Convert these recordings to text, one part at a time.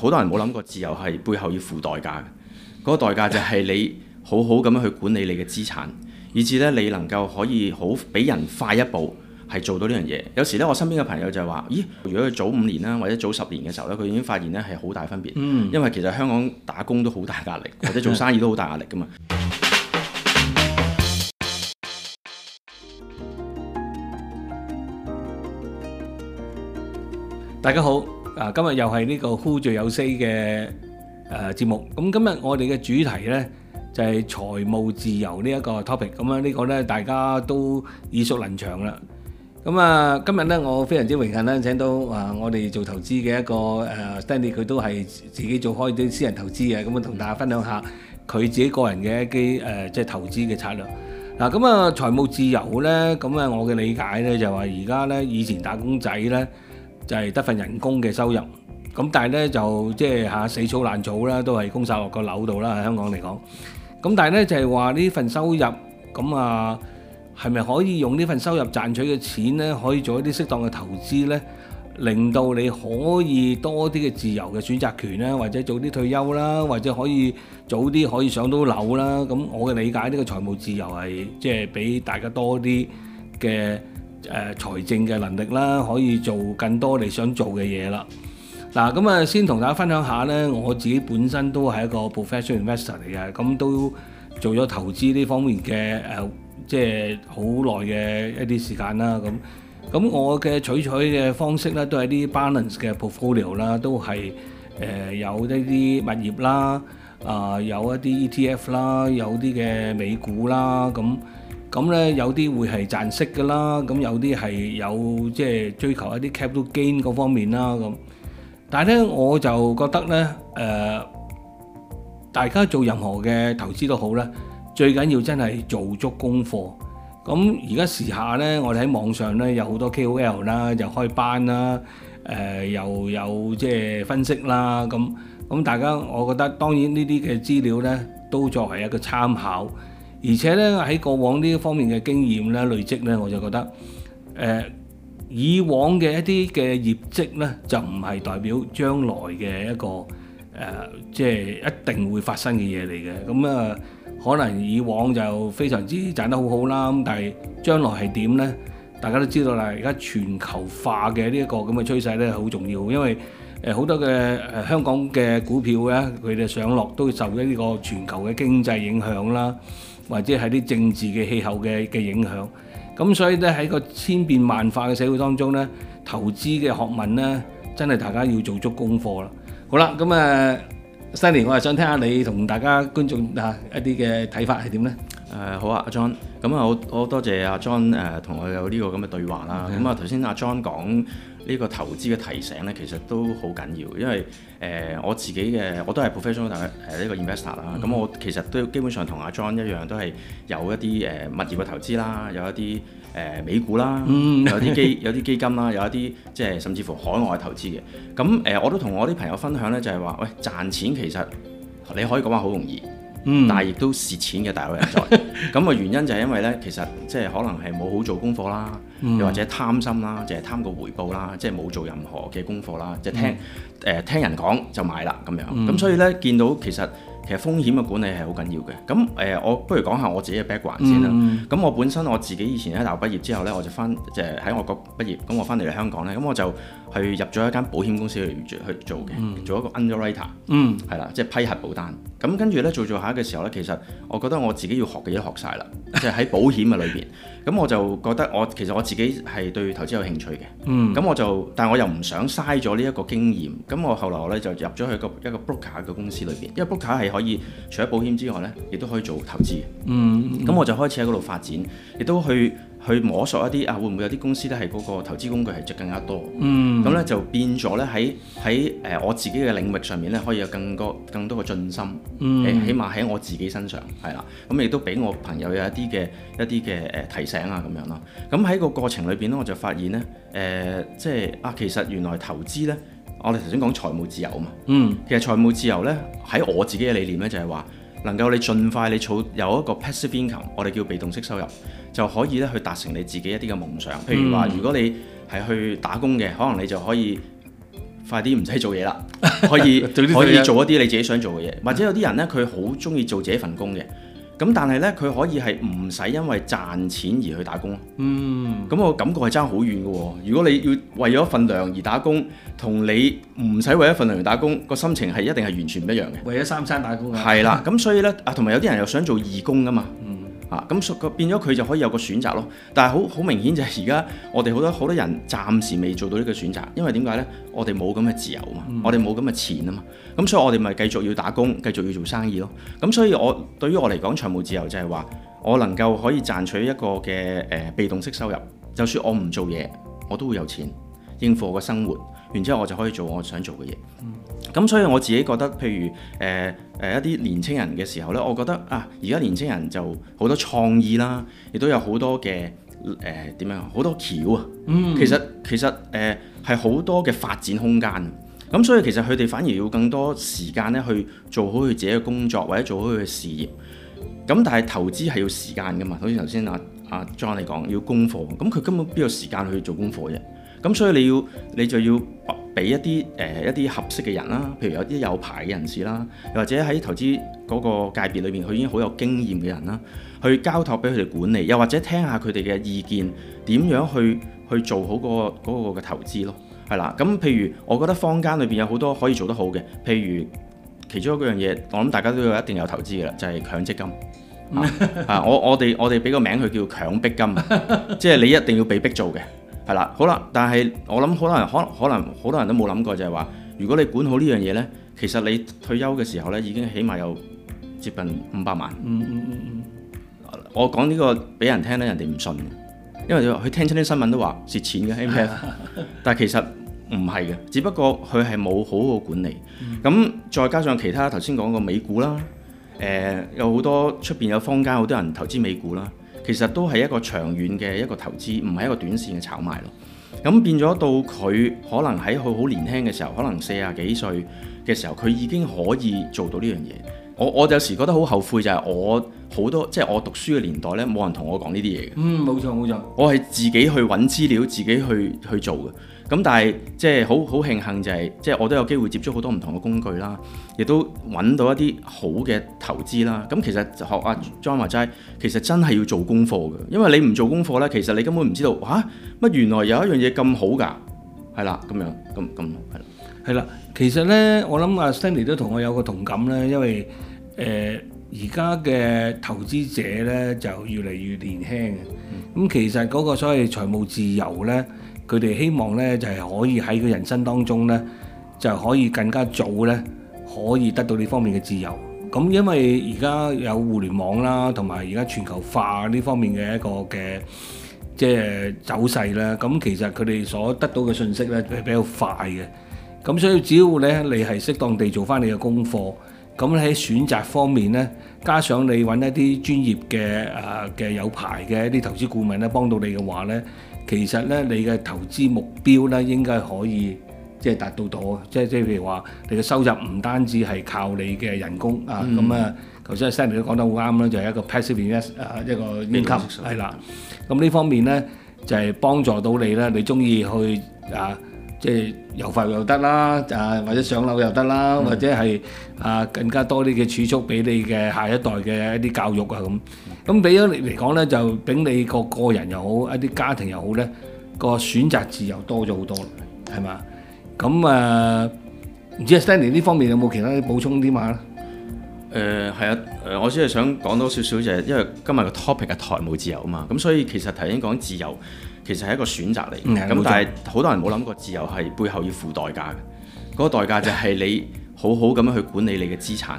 好多人冇諗過自由係背後要付代價嘅，嗰個代價就係你好好咁樣去管理你嘅資產，以至呢你能夠可以好畀人快一步係做到呢樣嘢。有時呢，我身邊嘅朋友就係話，咦，如果佢早五年啦，或者早十年嘅時候呢，佢已經發現呢係好大分別。嗯。因為其實香港打工都好大壓力，或者做生意都好大壓力㗎嘛。 大家好。啊，今日又係呢個 Hu 最有 Say 嘅誒節目，咁、嗯、今日我哋嘅主題呢，就係、是、財務自由呢一個 topic，咁啊呢個呢，大家都耳熟能詳啦。咁、嗯、啊今日呢，我非常之榮幸呢請到啊我哋做投資嘅一個誒，Stanley 佢都係自己做開啲私人投資嘅，咁啊同大家分享下佢自己個人嘅一啲誒、呃、即係投資嘅策略。嗱咁啊財、嗯啊、務自由呢，咁、嗯、啊我嘅理解呢，就話而家呢，以前打工仔呢，就係得份人工嘅收入，咁但係呢就即係嚇死草爛草啦，都係供曬落個樓度啦。喺香港嚟講，咁但係呢就係話呢份收入，咁啊係咪可以用呢份收入賺取嘅錢呢，可以做一啲適當嘅投資呢，令到你可以多啲嘅自由嘅選擇權呢，或者早啲退休啦，或者可以早啲可以上到樓啦。咁我嘅理解呢個財務自由係即係俾大家多啲嘅。誒財政嘅能力啦，可以做更多你想做嘅嘢啦。嗱，咁啊，先同大家分享下呢。我自己本身都係一個 professional investor 嚟嘅，咁都做咗投資呢方面嘅誒、呃，即係好耐嘅一啲時間啦。咁，咁我嘅取取嘅方式呢，都係啲 balance 嘅 portfolio 啦，都係誒有呢啲物業啦，啊、呃、有一啲 ETF 啦，有啲嘅美股啦，咁。咁咧有啲會係賺息㗎啦，咁有啲係有即係、就是、追求一啲 capital gain 嗰方面啦咁。但係咧我就覺得咧，誒、呃、大家做任何嘅投資都好啦，最緊要真係做足功課。咁而家時下咧，我哋喺網上咧有好多 KOL 啦，又開班啦，誒、呃、又有即係分析啦，咁咁、嗯、大家我覺得當然資呢啲嘅資料咧都作為一個參考。而且咧喺過往呢方面嘅經驗咧累積咧，我就覺得誒、呃、以往嘅一啲嘅業績咧就唔係代表將來嘅一個誒、呃，即係一定會發生嘅嘢嚟嘅。咁、嗯、啊、呃，可能以往就非常之賺得好好啦。咁但係將來係點咧？大家都知道啦。而家全球化嘅呢一個咁嘅趨勢咧好重要，因為誒好、呃、多嘅誒、呃、香港嘅股票咧，佢哋上落都會受緊呢個全球嘅經濟影響啦。或者係啲政治嘅氣候嘅嘅影響，咁所以咧喺個千變萬化嘅社會當中咧，投資嘅學問咧，真係大家要做足功課啦。好啦，咁啊，Stanley 我係想聽下你同大家觀眾啊一啲嘅睇法係點咧？誒、呃、好啊，阿 John，咁啊，我好多謝阿 John 誒同我有呢個咁嘅對話啦。咁啊的，頭先阿 John 講，呢個投資嘅提醒呢，其實都好緊要，因為誒、呃、我自己嘅我都係 professional，誒呢個 investor 啦，咁我其實都基本上同阿 John 一樣，都係有一啲誒、呃、物業嘅投資啦，有一啲誒、呃、美股啦，嗯、有啲基有啲基金啦，有一啲即係甚至乎海外投資嘅。咁誒、呃、我都同我啲朋友分享呢，就係、是、話：喂，賺錢其實你可以講話好容易，嗯、但係亦都蝕錢嘅大有人在。嗯 咁個原因就係因為咧，其實即係可能係冇好做功課啦，嗯、又或者貪心啦，淨、就、係、是、貪個回報啦，即係冇做任何嘅功課啦，就是、聽誒、嗯呃、聽人講就買啦咁樣。咁、嗯、所以咧，見到其實其實風險嘅管理係好緊要嘅。咁誒、呃，我不如講下我自己嘅 background 先啦。咁、嗯、我本身我自己以前喺大學畢業之後咧，我就翻就喺、是、外國畢業，咁我翻嚟嚟香港咧，咁我就去入咗一間保險公司去做嘅，嗯、做一個 underwriter，嗯，係啦，即係批核保單。咁跟住咧做做下嘅時候咧，其實我覺得我自己要學嘅嘢晒啦，即係喺保險嘅裏邊，咁我就覺得我其實我自己係對投資有興趣嘅，咁、嗯、我就，但係我又唔想嘥咗呢一個經驗，咁我後嚟我咧就入咗去一個一個 broker 嘅公司裏邊，因為 broker 係可以除咗保險之外咧，亦都可以做投資嘅，咁、嗯嗯、我就開始喺嗰度發展，亦都去。去摸索一啲啊，會唔會有啲公司咧係嗰個投資工具係值更加多？嗯，咁咧就變咗咧喺喺誒我自己嘅領域上面咧，可以有更多更多嘅信心。嗯，誒起碼喺我自己身上係啦，咁亦都俾我朋友有一啲嘅一啲嘅誒提醒啊咁樣咯。咁喺個過程裏邊咧，我就發現咧，誒、呃、即係啊，其實原來投資咧，我哋頭先講財務自由啊嘛。嗯，其實財務自由咧喺我自己嘅理念咧就係話。能夠你盡快你儲有一個 passive income，我哋叫被動式收入，就可以咧去達成你自己一啲嘅夢想。譬如話，嗯、如果你係去打工嘅，可能你就可以快啲唔使做嘢啦，可以 對對對，可以做一啲你自己想做嘅嘢。或者有啲人呢，佢好中意做自己份工嘅。咁但係呢，佢可以係唔使因為賺錢而去打工咯。嗯，咁我感覺係差好遠嘅喎。如果你要為咗份糧而打工，同你唔使為咗份糧而打工，個心情係一定係完全唔一樣嘅。為咗三餐打工嘅係啦，咁所以呢，啊，同埋有啲人又想做義工㗎嘛。啊，咁變咗佢就可以有個選擇咯。但係好好明顯就係而家我哋好多好多人暫時未做到呢個選擇，因為點解呢？我哋冇咁嘅自由嘛，嗯、我哋冇咁嘅錢啊嘛。咁所以我哋咪繼續要打工，繼續要做生意咯。咁所以我對於我嚟講，財務自由就係話我能夠可以賺取一個嘅誒、呃、被動式收入，就算我唔做嘢，我都會有錢應付我嘅生活。然之後我就可以做我想做嘅嘢，咁所以我自己覺得，譬如誒誒、呃呃、一啲年青人嘅時候呢，我覺得啊，而家年青人就好多創意啦，亦都有好多嘅誒點樣，好多橋啊、嗯，其實其實誒係好多嘅發展空間，咁所以其實佢哋反而要更多時間咧去做好佢自己嘅工作，或者做好佢嘅事業。咁但係投資係要時間㗎嘛，好似頭先阿阿 John 你講，要功課，咁佢根本邊有時間去做功課啫？咁所以你要，你就要俾一啲誒、呃、一啲合適嘅人啦，譬如有啲有牌嘅人士啦，又或者喺投資嗰個界別裏邊，佢已經好有經驗嘅人啦，去交託俾佢哋管理，又或者聽下佢哋嘅意見，點樣去去做好嗰、嗰個嘅、嗰個、投資咯，係啦。咁譬如我覺得坊間裏邊有好多可以做得好嘅，譬如其中一樣嘢，我諗大家都有一定有投資嘅啦，就係、係、強積金 啊！我我哋我哋俾個名佢叫強逼金，即係 你一定要被逼做嘅。係啦，好啦，但係我諗好多人可可能好多人都冇諗過就係話，如果你管好呢樣嘢呢，其實你退休嘅時候呢，已經起碼有接近五百萬。嗯嗯嗯，我講呢個俾人聽咧，人哋唔信，因為佢聽親啲新聞都話蝕錢嘅，係咩？但係其實唔係嘅，只不過佢係冇好好管理。咁、嗯、再加上其他頭先講過美股啦，誒、呃、有好多出邊有坊間好多人投資美股啦。其實都係一個長遠嘅一個投資，唔係一個短線嘅炒賣咯。咁變咗到佢可能喺佢好年輕嘅時候，可能四十幾歲嘅時候，佢已經可以做到呢樣嘢。我我有時覺得好後悔就係我好多即係我讀書嘅年代呢，冇人同我講呢啲嘢嘅。嗯，冇錯冇錯。我係自己去揾資料，自己去去做嘅。咁但係即係好好慶幸就係、是、即係我都有機會接觸好多唔同嘅工具啦，亦都揾到一啲好嘅投資啦。咁其實學阿 John 話齋其實真係要做功課嘅，因為你唔做功課呢，其實你根本唔知道嚇乜、啊、原來有一樣嘢咁好㗎，係啦，咁樣咁咁係啦。係啦，其實呢，我諗阿 Stanley 都同我有個同感呢，因為誒而家嘅投資者呢，就越嚟越年輕，咁其實嗰個所謂財務自由呢。佢哋希望咧就係可以喺佢人生當中咧，就可以更加早咧，可以得到呢方面嘅自由。咁因為而家有互聯網啦，同埋而家全球化呢方面嘅一個嘅即係走勢啦。咁其實佢哋所得到嘅信息咧係比較快嘅。咁所以只要咧你係適當地做翻你嘅功課，咁喺選擇方面咧，加上你揾一啲專業嘅啊嘅有牌嘅一啲投資顧問咧幫到你嘅話咧，其實咧，你嘅投資目標咧應該可以即係達到到，即係即係譬如話，你嘅收入唔單止係靠你嘅人工啊，咁、就是、啊，頭先阿 Sam 你都講得好啱啦，就係一個 passive income，係啦。咁呢方面咧就係幫助到你咧，你中意去啊。即係遊學又得啦，啊或者上樓又得啦，嗯、或者係啊更加多啲嘅儲蓄俾你嘅下一代嘅一啲教育啊咁。咁俾咗你嚟講咧，就俾你個個人又好，一啲家庭又好咧，個選擇自由多咗好多，係嘛？咁啊唔知阿 Stanley 呢方面有冇其他啲補充啲嘛？誒係、呃、啊，誒、呃、我只係想講多少少就係，因為今日個 topic 係財務自由啊嘛，咁所以其實頭先講自由。其實係一個選擇嚟咁、嗯、但係好多人冇諗過自由係背後要付代價嘅，嗰、嗰個代價就係你好好咁樣去管理你嘅資產，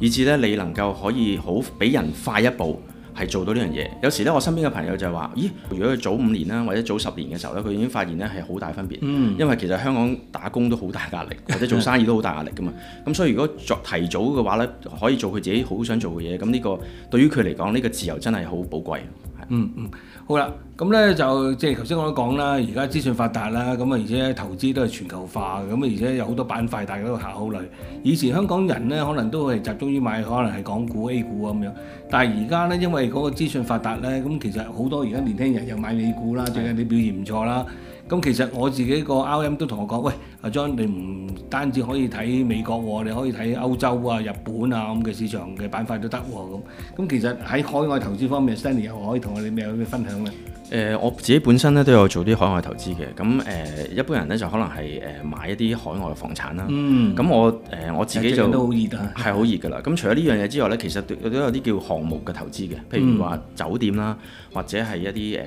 以至呢，你能夠可以好畀人快一步係做到呢樣嘢。有時呢，我身邊嘅朋友就係話，咦，如果佢早五年啦，或者早十年嘅時候呢，佢已經發現呢係好大分別。嗯、因為其實香港打工都好大壓力，或者做生意都好大壓力噶嘛。咁 所以如果作提早嘅話呢，可以做佢自己好想做嘅嘢，咁呢、呢個對於佢嚟講，呢、呢個自由真係好寶貴。嗯嗯，好啦，咁咧就即係頭先我都講啦，而家資訊發達啦，咁啊而且投資都係全球化嘅，咁啊而且有好多板塊，大家都要考慮。以前香港人咧可能都係集中於買可能係港股 A 股啊，咁樣，但係而家咧因為嗰個資訊發達咧，咁其實好多而家年輕人又買美股啦，最近啲表現唔錯啦。咁其實我自己個 RM 都同我講，喂，阿 John，你唔單止可以睇美國喎，你可以睇歐洲啊、日本啊咁嘅市場嘅板塊都得喎咁。咁其實喺海外投資方面，Stanley 又可以同我哋有咩分享呢？誒、呃、我自己本身咧都有做啲海外投資嘅，咁誒、呃、一般人咧就可能係誒、呃、買一啲海外嘅房產啦。咁、嗯、我誒、呃、我自己就係好熱㗎啦。咁的除咗呢樣嘢之外咧，其實都有啲叫項目嘅投資嘅，譬如話酒店啦，或者係一啲誒誒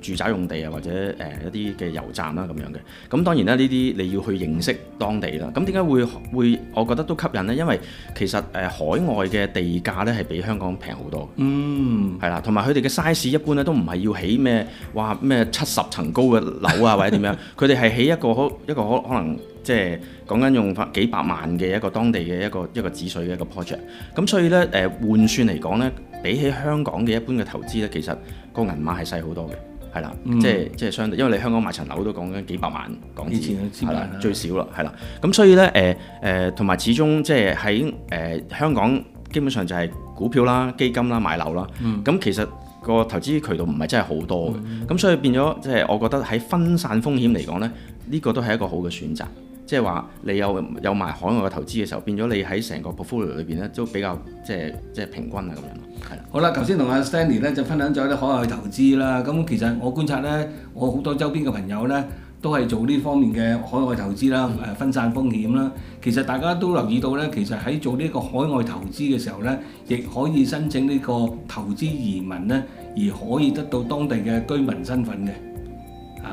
住宅用地啊，或者誒一啲嘅油站啦咁樣嘅。咁當然咧，呢啲你要去認識當地啦。咁點解會會？會我覺得都吸引呢？因為其實誒、呃、海外嘅地價咧係比香港平好多。嗯。係啦，同埋佢哋嘅 size 一般咧都唔係要起。咩？哇，咩？七十層高嘅樓啊，或者點樣？佢哋係起一個可一個可可能即、就、係、是、講緊用法幾百萬嘅一個當地嘅一個一個紙水嘅一個 project。咁所以呢，誒換算嚟講呢，比起香港嘅一般嘅投資呢，其實個銀碼係細好多嘅，係啦、嗯，即係即係相對，因為你香港買層樓都講緊幾百萬港紙，係啦最少啦，係啦。咁、嗯、所以呢，誒、呃、誒，同、呃、埋始終即係喺誒香港，基本上就係股票啦、基金啦、買樓啦。咁、嗯嗯、其實。個投資渠道唔係真係好多嘅，咁、嗯、所以變咗即係我覺得喺分散風險嚟講呢，呢、呢個都係一個好嘅選擇。即係話你有有埋海外嘅投資嘅時候，變咗你喺成個 portfolio 裏邊呢，都比較即係即係平均啊咁樣。係啦，好啦，頭先同阿 Stanley 咧就分享咗啲海外投資啦。咁其實我觀察呢，我好多周邊嘅朋友呢，都係做呢方面嘅海外投資啦，誒、啊、分散風險啦。其實大家都留意到呢，其實喺做呢個海外投資嘅時候呢，亦可以申請呢個投資移民呢，而可以得到當地嘅居民身份嘅。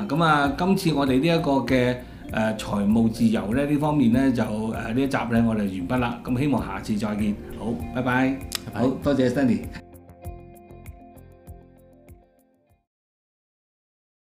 咁啊，今次我哋呢一個嘅誒財務自由咧呢方面呢，就誒呢、啊、一集呢，我哋完畢啦。咁希望下次再見。好，拜拜。拜拜，好，多謝 Stanley。